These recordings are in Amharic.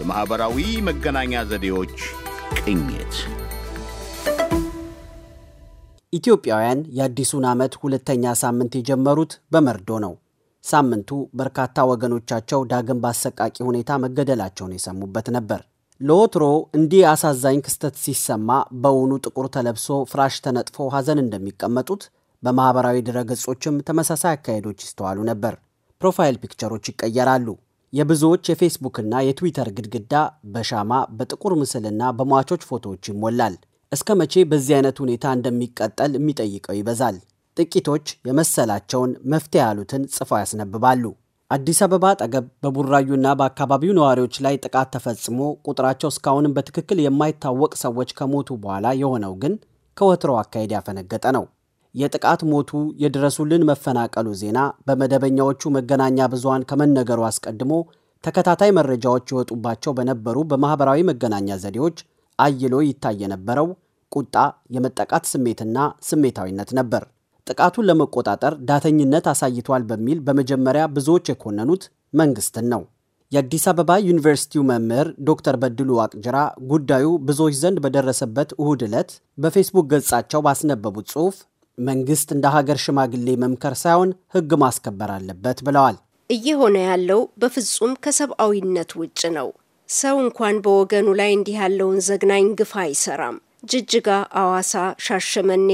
የማኅበራዊ መገናኛ ዘዴዎች ቅኝት ኢትዮጵያውያን የአዲሱን ዓመት ሁለተኛ ሳምንት የጀመሩት በመርዶ ነው። ሳምንቱ በርካታ ወገኖቻቸው ዳግም በአሰቃቂ ሁኔታ መገደላቸውን የሰሙበት ነበር። ለወትሮ እንዲህ አሳዛኝ ክስተት ሲሰማ በውኑ ጥቁር ተለብሶ ፍራሽ ተነጥፎ ሐዘን እንደሚቀመጡት በማኅበራዊ ድረገጾችም ተመሳሳይ አካሄዶች ይስተዋሉ ነበር። ፕሮፋይል ፒክቸሮች ይቀየራሉ። የብዙዎች የፌስቡክና የትዊተር ግድግዳ በሻማ በጥቁር ምስልና በሟቾች ፎቶዎች ይሞላል። እስከ መቼ በዚህ አይነት ሁኔታ እንደሚቀጠል የሚጠይቀው ይበዛል። ጥቂቶች የመሰላቸውን መፍትሄ ያሉትን ጽፈው ያስነብባሉ። አዲስ አበባ አጠገብ በቡራዩና በአካባቢው ነዋሪዎች ላይ ጥቃት ተፈጽሞ ቁጥራቸው እስካሁንም በትክክል የማይታወቅ ሰዎች ከሞቱ በኋላ የሆነው ግን ከወትሮው አካሄድ ያፈነገጠ ነው። የጥቃት ሞቱ የድረሱልን መፈናቀሉ ዜና በመደበኛዎቹ መገናኛ ብዙሃን ከመነገሩ አስቀድሞ ተከታታይ መረጃዎች ይወጡባቸው በነበሩ በማኅበራዊ መገናኛ ዘዴዎች አይሎ ይታይ የነበረው ቁጣ፣ የመጠቃት ስሜትና ስሜታዊነት ነበር። ጥቃቱን ለመቆጣጠር ዳተኝነት አሳይቷል በሚል በመጀመሪያ ብዙዎች የኮነኑት መንግስትን ነው። የአዲስ አበባ ዩኒቨርሲቲው መምህር ዶክተር በድሉ አቅጅራ ጉዳዩ ብዙዎች ዘንድ በደረሰበት እሁድ ዕለት በፌስቡክ ገጻቸው ባስነበቡት ጽሑፍ መንግስት እንደ ሀገር ሽማግሌ መምከር ሳይሆን ህግ ማስከበር አለበት ብለዋል። እየሆነ ያለው በፍጹም ከሰብአዊነት ውጭ ነው። ሰው እንኳን በወገኑ ላይ እንዲህ ያለውን ዘግናኝ ግፍ አይሰራም። ጅጅጋ፣ አዋሳ፣ ሻሸመኔ፣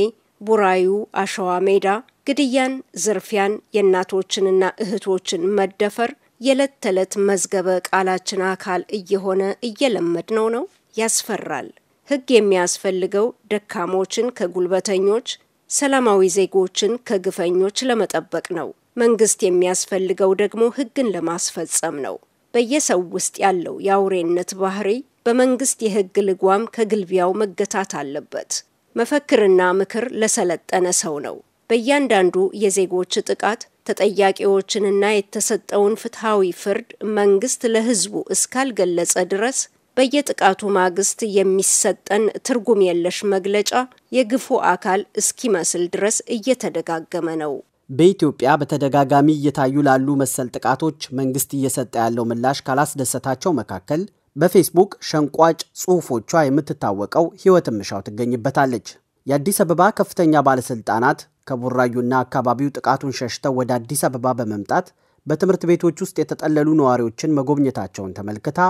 ቡራዩ፣ አሸዋ ሜዳ ግድያን፣ ዝርፊያን፣ የእናቶችንና እህቶችን መደፈር የዕለት ተዕለት መዝገበ ቃላችን አካል እየሆነ እየለመድ ነው ነው ያስፈራል። ህግ የሚያስፈልገው ደካሞችን ከጉልበተኞች ሰላማዊ ዜጎችን ከግፈኞች ለመጠበቅ ነው። መንግስት የሚያስፈልገው ደግሞ ህግን ለማስፈጸም ነው። በየሰው ውስጥ ያለው የአውሬነት ባህሪ በመንግስት የህግ ልጓም ከግልቢያው መገታት አለበት። መፈክርና ምክር ለሰለጠነ ሰው ነው። በእያንዳንዱ የዜጎች ጥቃት ተጠያቂዎችንና የተሰጠውን ፍትሐዊ ፍርድ መንግስት ለህዝቡ እስካልገለጸ ድረስ በየጥቃቱ ማግስት የሚሰጠን ትርጉም የለሽ መግለጫ የግፉ አካል እስኪመስል ድረስ እየተደጋገመ ነው። በኢትዮጵያ በተደጋጋሚ እየታዩ ላሉ መሰል ጥቃቶች መንግስት እየሰጠ ያለው ምላሽ ካላስደሰታቸው መካከል በፌስቡክ ሸንቋጭ ጽሑፎቿ የምትታወቀው ህይወት ምሻው ትገኝበታለች። የአዲስ አበባ ከፍተኛ ባለሥልጣናት ከቡራዩና አካባቢው ጥቃቱን ሸሽተው ወደ አዲስ አበባ በመምጣት በትምህርት ቤቶች ውስጥ የተጠለሉ ነዋሪዎችን መጎብኘታቸውን ተመልክታ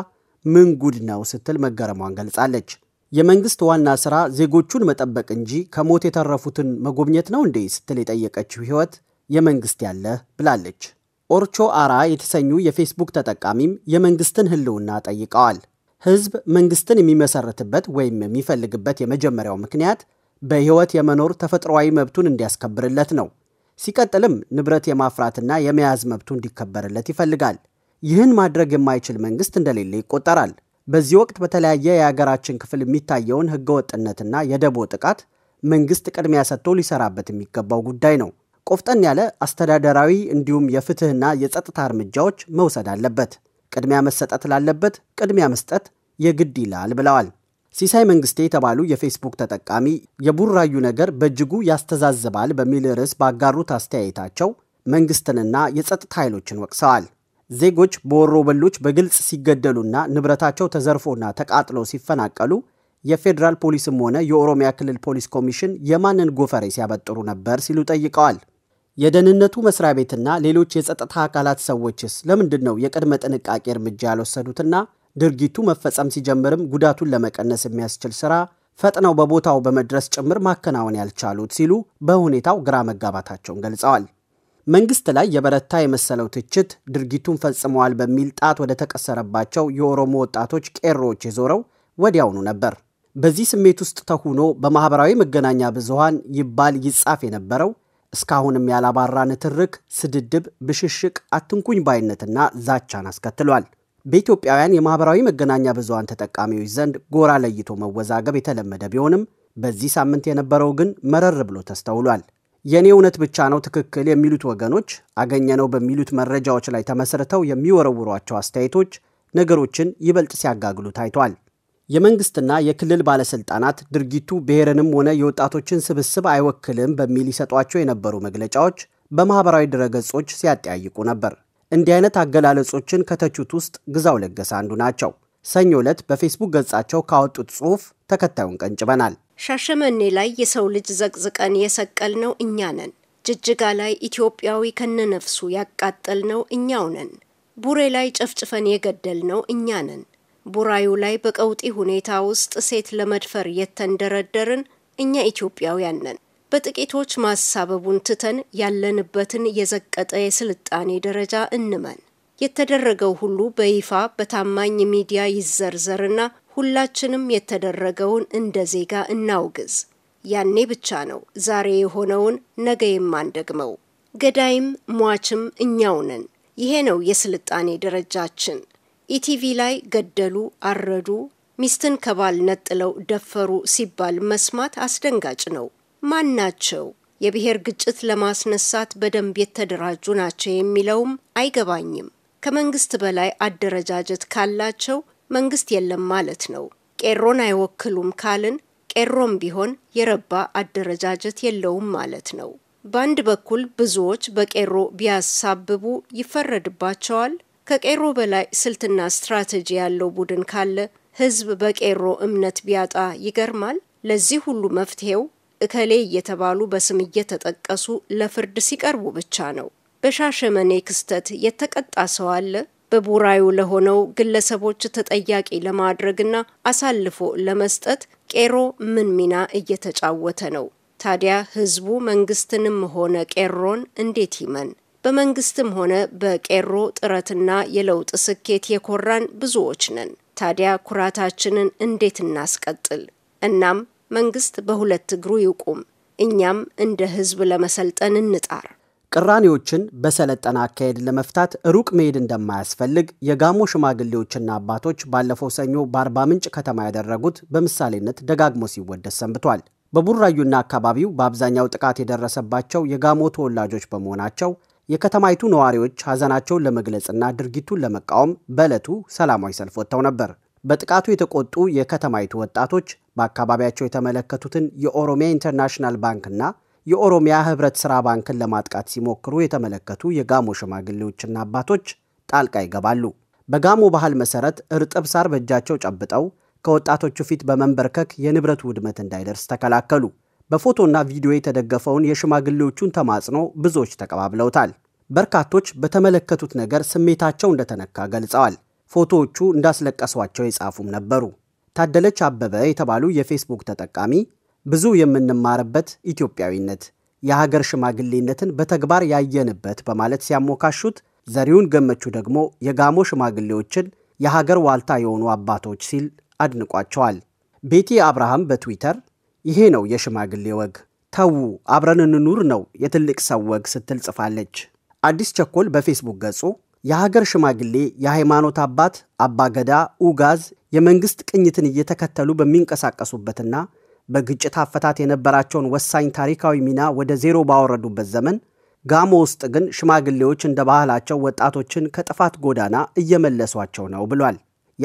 ምን ጉድ ነው ስትል መገረሟን ገልጻለች። የመንግስት ዋና ስራ ዜጎቹን መጠበቅ እንጂ ከሞት የተረፉትን መጎብኘት ነው እንዴ ስትል የጠየቀችው ህይወት የመንግስት ያለ ብላለች። ኦርቾ አራ የተሰኙ የፌስቡክ ተጠቃሚም የመንግስትን ህልውና ጠይቀዋል። ህዝብ መንግስትን የሚመሰርትበት ወይም የሚፈልግበት የመጀመሪያው ምክንያት በህይወት የመኖር ተፈጥሯዊ መብቱን እንዲያስከብርለት ነው። ሲቀጥልም ንብረት የማፍራትና የመያዝ መብቱ እንዲከበርለት ይፈልጋል። ይህን ማድረግ የማይችል መንግስት እንደሌለ ይቆጠራል። በዚህ ወቅት በተለያየ የሀገራችን ክፍል የሚታየውን ህገወጥነትና የደቦ ጥቃት መንግስት ቅድሚያ ሰጥቶ ሊሰራበት የሚገባው ጉዳይ ነው። ቆፍጠን ያለ አስተዳደራዊ እንዲሁም የፍትህና የጸጥታ እርምጃዎች መውሰድ አለበት። ቅድሚያ መሰጠት ላለበት ቅድሚያ መስጠት የግድ ይላል ብለዋል። ሲሳይ መንግስቴ የተባሉ የፌስቡክ ተጠቃሚ የቡራዩ ነገር በእጅጉ ያስተዛዝባል በሚል ርዕስ ባጋሩት አስተያየታቸው መንግስትንና የጸጥታ ኃይሎችን ወቅሰዋል። ዜጎች በወሮ በሎች በግልጽ ሲገደሉና ንብረታቸው ተዘርፎና ተቃጥሎ ሲፈናቀሉ የፌዴራል ፖሊስም ሆነ የኦሮሚያ ክልል ፖሊስ ኮሚሽን የማንን ጎፈሬ ሲያበጥሩ ነበር ሲሉ ጠይቀዋል። የደህንነቱ መስሪያ ቤትና ሌሎች የጸጥታ አካላት ሰዎችስ ለምንድን ነው የቅድመ ጥንቃቄ እርምጃ ያልወሰዱትና ድርጊቱ መፈጸም ሲጀምርም ጉዳቱን ለመቀነስ የሚያስችል ስራ ፈጥነው በቦታው በመድረስ ጭምር ማከናወን ያልቻሉት ሲሉ በሁኔታው ግራ መጋባታቸውን ገልጸዋል። መንግስት ላይ የበረታ የመሰለው ትችት ድርጊቱን ፈጽመዋል በሚል ጣት ወደ ተቀሰረባቸው የኦሮሞ ወጣቶች ቄሮዎች የዞረው ወዲያውኑ ነበር። በዚህ ስሜት ውስጥ ተሁኖ በማኅበራዊ መገናኛ ብዙሃን ይባል ይጻፍ የነበረው እስካሁንም ያላባራ ንትርክ፣ ስድድብ፣ ብሽሽቅ፣ አትንኩኝ ባይነትና ዛቻን አስከትሏል። በኢትዮጵያውያን የማኅበራዊ መገናኛ ብዙሃን ተጠቃሚዎች ዘንድ ጎራ ለይቶ መወዛገብ የተለመደ ቢሆንም በዚህ ሳምንት የነበረው ግን መረር ብሎ ተስተውሏል። የእኔ እውነት ብቻ ነው ትክክል የሚሉት ወገኖች አገኘነው በሚሉት መረጃዎች ላይ ተመስርተው የሚወረውሯቸው አስተያየቶች ነገሮችን ይበልጥ ሲያጋግሉ ታይቷል። የመንግስትና የክልል ባለስልጣናት ድርጊቱ ብሔርንም ሆነ የወጣቶችን ስብስብ አይወክልም በሚል ይሰጧቸው የነበሩ መግለጫዎች በማኅበራዊ ድረገጾች ሲያጠያይቁ ነበር። እንዲህ አይነት አገላለጾችን ከተቹት ውስጥ ግዛው ለገሰ አንዱ ናቸው። ሰኞ ዕለት በፌስቡክ ገጻቸው ካወጡት ጽሑፍ ተከታዩን ቀንጭበናል። ሻሸመኔ ላይ የሰው ልጅ ዘቅዝቀን የሰቀል ነው እኛ ነን። ጅጅጋ ላይ ኢትዮጵያዊ ከነነፍሱ ያቃጠል ነው እኛው ነን። ቡሬ ላይ ጨፍጭፈን የገደል ነው እኛ ነን። ቡራዩ ላይ በቀውጢ ሁኔታ ውስጥ ሴት ለመድፈር የተንደረደርን እኛ ኢትዮጵያውያን ነን። በጥቂቶች ማሳበቡን ትተን ያለንበትን የዘቀጠ የስልጣኔ ደረጃ እንመን። የተደረገው ሁሉ በይፋ በታማኝ ሚዲያ ይዘርዘርና ሁላችንም የተደረገውን እንደ ዜጋ እናውግዝ። ያኔ ብቻ ነው ዛሬ የሆነውን ነገ የማንደግመው። ገዳይም ሟችም እኛው ነን። ይሄ ነው የስልጣኔ ደረጃችን። ኢቲቪ ላይ ገደሉ፣ አረዱ፣ ሚስትን ከባል ነጥለው ደፈሩ ሲባል መስማት አስደንጋጭ ነው። ማን ናቸው? የብሔር ግጭት ለማስነሳት በደንብ የተደራጁ ናቸው የሚለውም አይገባኝም። ከመንግስት በላይ አደረጃጀት ካላቸው መንግስት የለም ማለት ነው። ቄሮን አይወክሉም ካልን ቄሮም ቢሆን የረባ አደረጃጀት የለውም ማለት ነው። በአንድ በኩል ብዙዎች በቄሮ ቢያሳብቡ ይፈረድባቸዋል። ከቄሮ በላይ ስልትና ስትራቴጂ ያለው ቡድን ካለ ህዝብ በቄሮ እምነት ቢያጣ ይገርማል። ለዚህ ሁሉ መፍትሄው እከሌ እየተባሉ በስም እየተጠቀሱ ለፍርድ ሲቀርቡ ብቻ ነው። በሻሸመኔ ክስተት የተቀጣ ሰው አለ? በቡራዩ ለሆነው ግለሰቦች ተጠያቂ ለማድረግና አሳልፎ ለመስጠት ቄሮ ምን ሚና እየተጫወተ ነው? ታዲያ ህዝቡ መንግስትንም ሆነ ቄሮን እንዴት ይመን? በመንግስትም ሆነ በቄሮ ጥረትና የለውጥ ስኬት የኮራን ብዙዎች ነን። ታዲያ ኩራታችንን እንዴት እናስቀጥል? እናም መንግስት በሁለት እግሩ ይቁም፣ እኛም እንደ ህዝብ ለመሰልጠን እንጣር። ቅራኔዎችን በሰለጠነ አካሄድ ለመፍታት ሩቅ መሄድ እንደማያስፈልግ የጋሞ ሽማግሌዎችና አባቶች ባለፈው ሰኞ በአርባ ምንጭ ከተማ ያደረጉት በምሳሌነት ደጋግሞ ሲወደስ ሰንብቷል። በቡራዩና አካባቢው በአብዛኛው ጥቃት የደረሰባቸው የጋሞ ተወላጆች በመሆናቸው የከተማይቱ ነዋሪዎች ሀዘናቸውን ለመግለጽና ድርጊቱን ለመቃወም በዕለቱ ሰላማዊ ሰልፍ ወጥተው ነበር። በጥቃቱ የተቆጡ የከተማይቱ ወጣቶች በአካባቢያቸው የተመለከቱትን የኦሮሚያ ኢንተርናሽናል ባንክና የኦሮሚያ ህብረት ሥራ ባንክን ለማጥቃት ሲሞክሩ የተመለከቱ የጋሞ ሽማግሌዎችና አባቶች ጣልቃ ይገባሉ። በጋሞ ባህል መሠረት እርጥብ ሳር በእጃቸው ጨብጠው ከወጣቶቹ ፊት በመንበርከክ የንብረቱ ውድመት እንዳይደርስ ተከላከሉ። በፎቶና ቪዲዮ የተደገፈውን የሽማግሌዎቹን ተማጽኖ ብዙዎች ተቀባብለውታል። በርካቶች በተመለከቱት ነገር ስሜታቸው እንደተነካ ገልጸዋል። ፎቶዎቹ እንዳስለቀሷቸው የጻፉም ነበሩ። ታደለች አበበ የተባሉ የፌስቡክ ተጠቃሚ ብዙ የምንማርበት ኢትዮጵያዊነት፣ የሀገር ሽማግሌነትን በተግባር ያየንበት በማለት ሲያሞካሹት፣ ዘሪውን ገመቹ ደግሞ የጋሞ ሽማግሌዎችን የሀገር ዋልታ የሆኑ አባቶች ሲል አድንቋቸዋል። ቤቲ አብርሃም በትዊተር ይሄ ነው የሽማግሌ ወግ፣ ተዉ አብረን እንኑር ነው የትልቅ ሰው ወግ ስትል ጽፋለች። አዲስ ቸኮል በፌስቡክ ገጹ የሀገር ሽማግሌ፣ የሃይማኖት አባት፣ አባገዳ፣ ኡጋዝ የመንግሥት ቅኝትን እየተከተሉ በሚንቀሳቀሱበትና በግጭት አፈታት የነበራቸውን ወሳኝ ታሪካዊ ሚና ወደ ዜሮ ባወረዱበት ዘመን ጋሞ ውስጥ ግን ሽማግሌዎች እንደ ባህላቸው ወጣቶችን ከጥፋት ጎዳና እየመለሷቸው ነው ብሏል።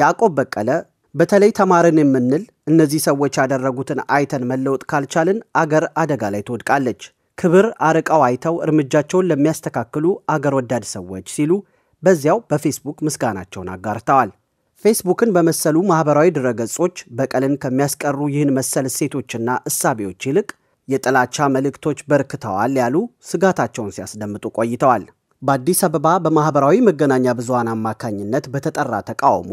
ያዕቆብ በቀለ በተለይ ተማርን የምንል እነዚህ ሰዎች ያደረጉትን አይተን መለወጥ ካልቻልን አገር አደጋ ላይ ትወድቃለች። ክብር አርቀው አይተው እርምጃቸውን ለሚያስተካክሉ አገር ወዳድ ሰዎች ሲሉ በዚያው በፌስቡክ ምስጋናቸውን አጋርተዋል። ፌስቡክን በመሰሉ ማኅበራዊ ድረገጾች በቀልን ከሚያስቀሩ ይህን መሰል እሴቶችና እሳቤዎች ይልቅ የጥላቻ መልእክቶች በርክተዋል ያሉ ስጋታቸውን ሲያስደምጡ ቆይተዋል። በአዲስ አበባ በማኅበራዊ መገናኛ ብዙሃን አማካኝነት በተጠራ ተቃውሞ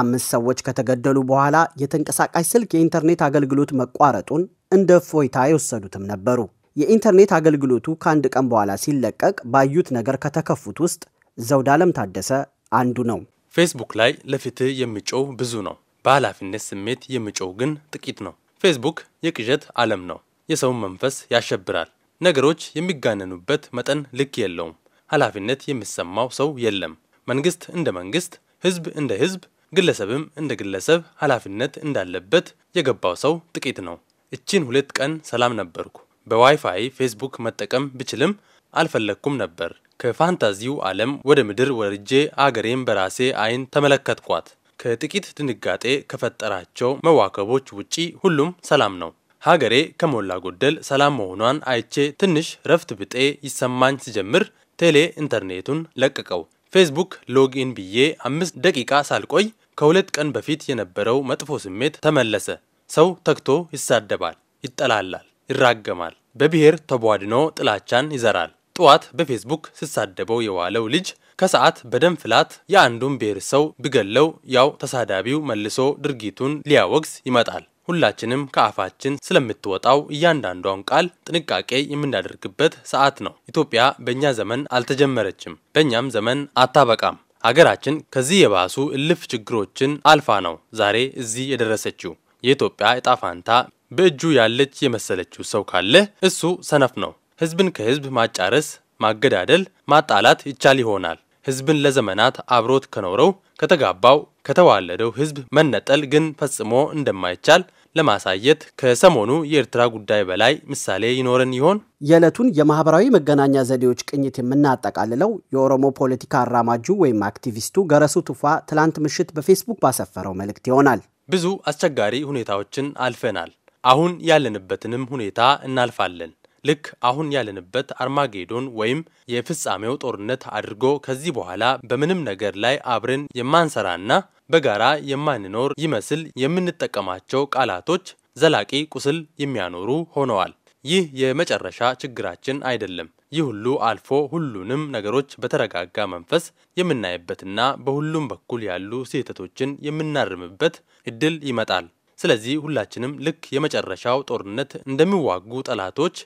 አምስት ሰዎች ከተገደሉ በኋላ የተንቀሳቃሽ ስልክ የኢንተርኔት አገልግሎት መቋረጡን እንደ እፎይታ የወሰዱትም ነበሩ። የኢንተርኔት አገልግሎቱ ከአንድ ቀን በኋላ ሲለቀቅ ባዩት ነገር ከተከፉት ውስጥ ዘውዳለም ታደሰ አንዱ ነው። ፌስቡክ ላይ ለፍትህ የሚጮው ብዙ ነው። በኃላፊነት ስሜት የሚጮው ግን ጥቂት ነው። ፌስቡክ የቅዠት ዓለም ነው። የሰውን መንፈስ ያሸብራል። ነገሮች የሚጋነኑበት መጠን ልክ የለውም። ኃላፊነት የሚሰማው ሰው የለም። መንግስት እንደ መንግስት፣ ህዝብ እንደ ህዝብ፣ ግለሰብም እንደ ግለሰብ ኃላፊነት እንዳለበት የገባው ሰው ጥቂት ነው። እቺን ሁለት ቀን ሰላም ነበርኩ። በዋይፋይ ፌስቡክ መጠቀም ብችልም አልፈለግኩም ነበር። ከፋንታዚው ዓለም ወደ ምድር ወርጄ አገሬን በራሴ አይን ተመለከትኳት። ከጥቂት ድንጋጤ ከፈጠራቸው መዋከቦች ውጪ ሁሉም ሰላም ነው። ሀገሬ ከሞላ ጎደል ሰላም መሆኗን አይቼ ትንሽ ረፍት ብጤ ይሰማኝ ሲጀምር ቴሌ ኢንተርኔቱን ለቅቀው ፌስቡክ ሎግኢን ብዬ አምስት ደቂቃ ሳልቆይ ከሁለት ቀን በፊት የነበረው መጥፎ ስሜት ተመለሰ። ሰው ተግቶ ይሳደባል፣ ይጠላላል፣ ይራገማል። በብሔር ተቧድኖ ጥላቻን ይዘራል። ጠዋት በፌስቡክ ስሳደበው የዋለው ልጅ ከሰዓት በደም ፍላት የአንዱን ብሔር ሰው ቢገለው ያው ተሳዳቢው መልሶ ድርጊቱን ሊያወግዝ ይመጣል። ሁላችንም ከአፋችን ስለምትወጣው እያንዳንዷን ቃል ጥንቃቄ የምናደርግበት ሰዓት ነው። ኢትዮጵያ በእኛ ዘመን አልተጀመረችም፣ በእኛም ዘመን አታበቃም። ሀገራችን ከዚህ የባሱ እልፍ ችግሮችን አልፋ ነው ዛሬ እዚህ የደረሰችው። የኢትዮጵያ እጣ ፋንታ በእጁ ያለች የመሰለችው ሰው ካለ እሱ ሰነፍ ነው። ህዝብን ከህዝብ ማጫረስ፣ ማገዳደል፣ ማጣላት ይቻል ይሆናል። ህዝብን ለዘመናት አብሮት ከኖረው ከተጋባው፣ ከተዋለደው ህዝብ መነጠል ግን ፈጽሞ እንደማይቻል ለማሳየት ከሰሞኑ የኤርትራ ጉዳይ በላይ ምሳሌ ይኖረን ይሆን? የዕለቱን የማህበራዊ መገናኛ ዘዴዎች ቅኝት የምናጠቃልለው የኦሮሞ ፖለቲካ አራማጁ ወይም አክቲቪስቱ ገረሱ ቱፋ ትላንት ምሽት በፌስቡክ ባሰፈረው መልእክት ይሆናል። ብዙ አስቸጋሪ ሁኔታዎችን አልፈናል። አሁን ያለንበትንም ሁኔታ እናልፋለን። ልክ አሁን ያለንበት አርማጌዶን ወይም የፍጻሜው ጦርነት አድርጎ ከዚህ በኋላ በምንም ነገር ላይ አብረን የማንሰራና በጋራ የማንኖር ይመስል የምንጠቀማቸው ቃላቶች ዘላቂ ቁስል የሚያኖሩ ሆነዋል። ይህ የመጨረሻ ችግራችን አይደለም። ይህ ሁሉ አልፎ ሁሉንም ነገሮች በተረጋጋ መንፈስ የምናይበትና በሁሉም በኩል ያሉ ስህተቶችን የምናርምበት እድል ይመጣል። ስለዚህ ሁላችንም ልክ የመጨረሻው ጦርነት እንደሚዋጉ ጠላቶች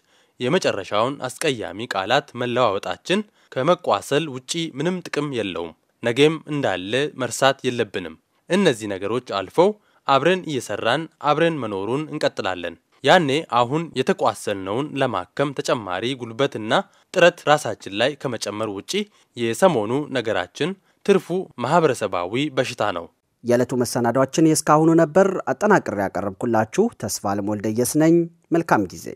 የመጨረሻውን አስቀያሚ ቃላት መለዋወጣችን ከመቋሰል ውጪ ምንም ጥቅም የለውም። ነገም እንዳለ መርሳት የለብንም። እነዚህ ነገሮች አልፈው አብረን እየሰራን አብረን መኖሩን እንቀጥላለን። ያኔ አሁን የተቋሰልነውን ለማከም ተጨማሪ ጉልበትና ጥረት ራሳችን ላይ ከመጨመር ውጪ የሰሞኑ ነገራችን ትርፉ ማህበረሰባዊ በሽታ ነው። የዕለቱ መሰናዷችን የእስካሁኑ ነበር። አጠናቅሬ ያቀረብኩላችሁ ተስፋ ለሞልደየስ ነኝ። መልካም ጊዜ